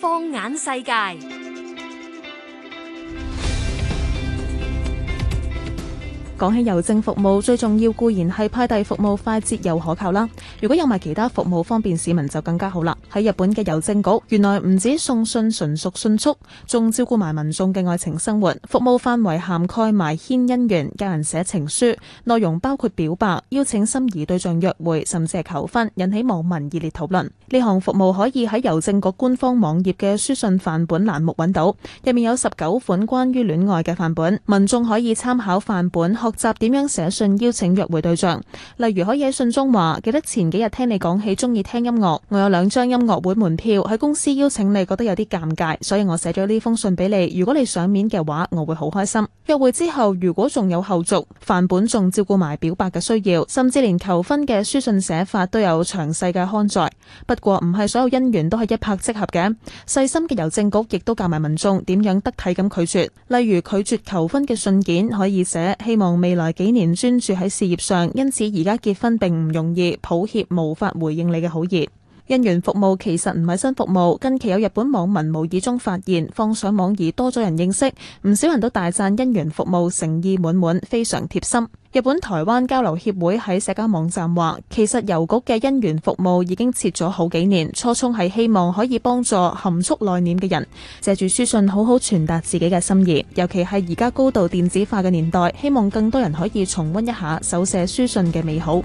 放眼世界。講起郵政服務，最重要固然係派遞服務快捷又可靠啦。如果有埋其他服務方便市民就更加好啦。喺日本嘅郵政局，原來唔止送信純屬迅速，迅速，仲照顧埋民眾嘅愛情生活。服務範圍涵蓋埋牽姻緣、教人寫情書，內容包括表白、邀請心儀對象約會，甚至係求婚，引起網民熱烈討論。呢項服務可以喺郵政局官方網頁嘅書信範本欄目揾到，入面有十九款關於戀愛嘅範本，民眾可以參考範本學點樣寫信邀請約會對象，例如可以喺信中話：記得前幾日聽你講起中意聽音樂，我有兩張音樂會門票喺公司邀請你，覺得有啲尷尬，所以我寫咗呢封信俾你。如果你賞面嘅話，我會好開心。約會之後如果仲有後續，範本仲照顧埋表白嘅需要，甚至連求婚嘅書信寫法都有詳細嘅刊載。不過唔係所有姻緣都係一拍即合嘅，細心嘅郵政局亦都教埋民眾點樣得體咁拒絕，例如拒絕求婚嘅信件可以寫希望未來幾年專注喺事業上，因此而家結婚並唔容易。抱歉，無法回應你嘅好意。姻緣服務其實唔係新服務，近期有日本網民無意中發現放上網而多咗人認識，唔少人都大讚姻緣服務誠意滿滿，非常貼心。日本台灣交流協會喺社交網站話，其實郵局嘅姻緣服務已經設咗好幾年，初衷係希望可以幫助含蓄內斂嘅人，借住書信好好傳達自己嘅心意。尤其係而家高度電子化嘅年代，希望更多人可以重温一下手寫書信嘅美好。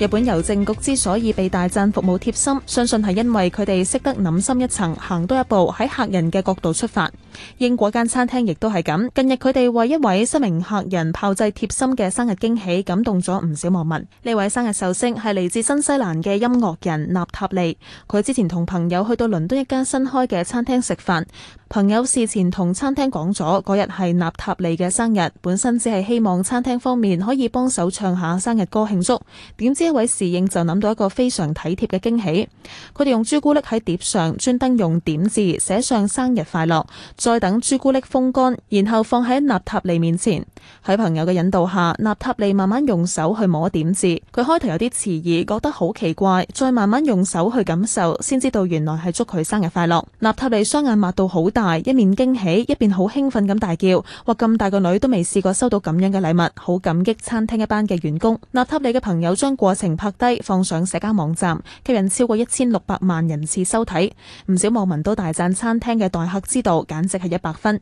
日本郵政局之所以被大讚服務貼心，相信係因為佢哋識得諗深一層、行多一步，喺客人嘅角度出發。英國間餐廳亦都係咁。近日佢哋為一位失明客人炮製貼心嘅生日驚喜，感動咗唔少網民。呢位生日壽星係嚟自新西蘭嘅音樂人納塔利，佢之前同朋友去到倫敦一間新開嘅餐廳食飯，朋友事前同餐廳講咗嗰日係納塔利嘅生日，本身只係希望餐廳方面可以幫手唱下生日歌慶祝，點知？一位侍應就諗到一個非常體貼嘅驚喜，佢哋用朱古力喺碟上，專登用點字寫上生日快樂，再等朱古力風乾，然後放喺納塔利面前。喺朋友嘅引導下，納塔利慢慢用手去摸點字，佢開頭有啲遲疑，覺得好奇怪，再慢慢用手去感受，先知道原來係祝佢生日快樂。納塔利雙眼擘到好大，一面驚喜，一邊好興奮咁大叫：哇，話咁大個女都未試過收到咁樣嘅禮物，好感激餐廳一班嘅員工。納塔利嘅朋友將過情拍低放上社交網站，吸引超過一千六百萬人次收睇，唔少網民都大讚餐廳嘅待客之道，簡直係一百分。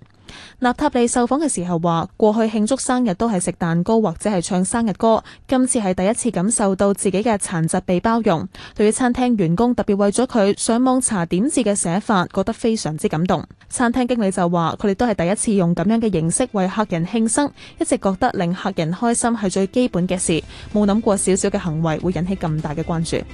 納塔利受訪嘅時候話，過去慶祝生日都係食蛋糕或者係唱生日歌，今次係第一次感受到自己嘅殘疾被包容。對於餐廳員工特別為咗佢上網查點字嘅寫法，覺得非常之感動。餐廳經理就話，佢哋都係第一次用咁樣嘅形式為客人慶生，一直覺得令客人開心係最基本嘅事，冇諗過少少嘅行為會引起咁大嘅關注。